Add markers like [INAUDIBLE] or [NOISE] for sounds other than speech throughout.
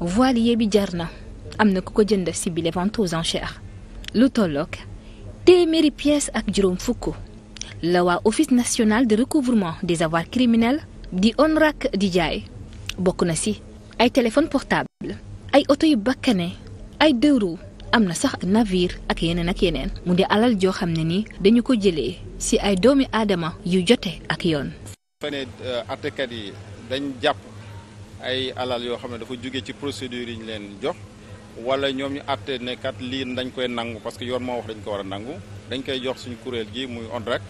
voilier bi jar na am na ku ko jënd si bile vente aux enchères lu tolloog téeméeri pièces ak juróom fukk la waa office national de recouvrement des avoirs criminels di ONRAC di jaay bokk na si ay téléphone portable ay oto yu bakkane ay deux am na sax navir ak yeneen ak yeneen mu di alal joo xam ne ni dañu ko jëlee si ay doomi aadama yu jote ak yoon. Euh, ay alal yoo xam ne dafa jóge ci procédure yi ñu leen jox wala ñoom ñu àtte ne kat lii dañ koy nangu parce que yoon moo wax dañ ko war a nangu dañ koy jox suñu kuréel gi muy ODRAC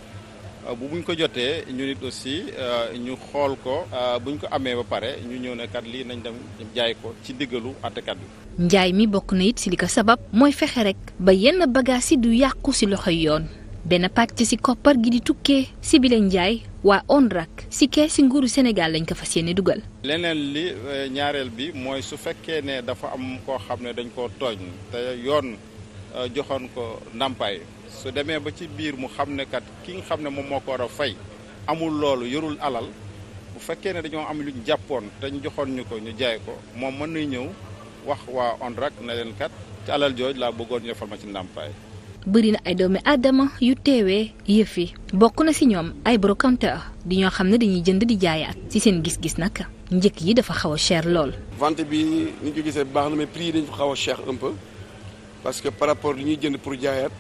euh, bu buñ ko jotee ñu nit aussi euh, ñu xool ko euh, buñ ko amee ba pare ñu ñëw ne lii nañ dem jaay ko ci diggalu àttekat bi. njaay mi bokk na it si li ko sabab mooy fexe rek ba yenn bagages yi du yàqu si loxoy yoon benn pàcc si koppar gi di tukkee si bile njaay waa ONRAC si keesi nguuru Sénégal lañ ko fas yéene dugal. leneen li e, ñaareel bi mooy su fekkee ne dafa am koo xam ne dañ koo tooñ te yoon e, joxoon ko ndàmpaay su demee ba ci biir mu xam ne kat ki nga xam ne moom moo ko war a fay amul loolu yorul alal bu fekkee ne dañoo am lu jàppoon te ñu joxoon ñu ko ñu jaay ko moom mën nañ ñëw wax waa ONRAC na leen kat ci alal jooj laa bëggoon ñu defal ma ci ndàmpaay. bëri na ay doomi aadama yu teewee yëf yi bokk na ci ñoom ay brocanteur di ñoo xam ne dañuy jënd di jaayaat ci seen gis-gis nag njëkk yi dafa xaw cher lool. vente bi ni ñu ko gisee baax na mais prix yi dañu xaw a cher un peu parce que par rapport li ñuy jënd pour jaayaat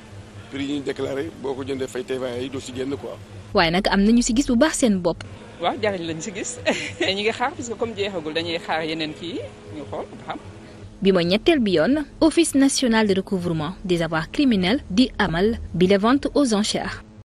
prix yi ñuy déclaré boo ko jëndee fay TVA yi doo ci génn quoi. waaye nag am na ñu si gis bu baax seen bopp. waaw jariñ lañ si gis [LAUGHS] ñu ngi xaar parce que comme jeexagul dañuy xaar yeneen kii ñu xool ba xam. bi mooy ñetteel bi yoon office national de recouvrement des avoirs criminels di amal bi la vente aux enchères